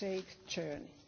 safe journey.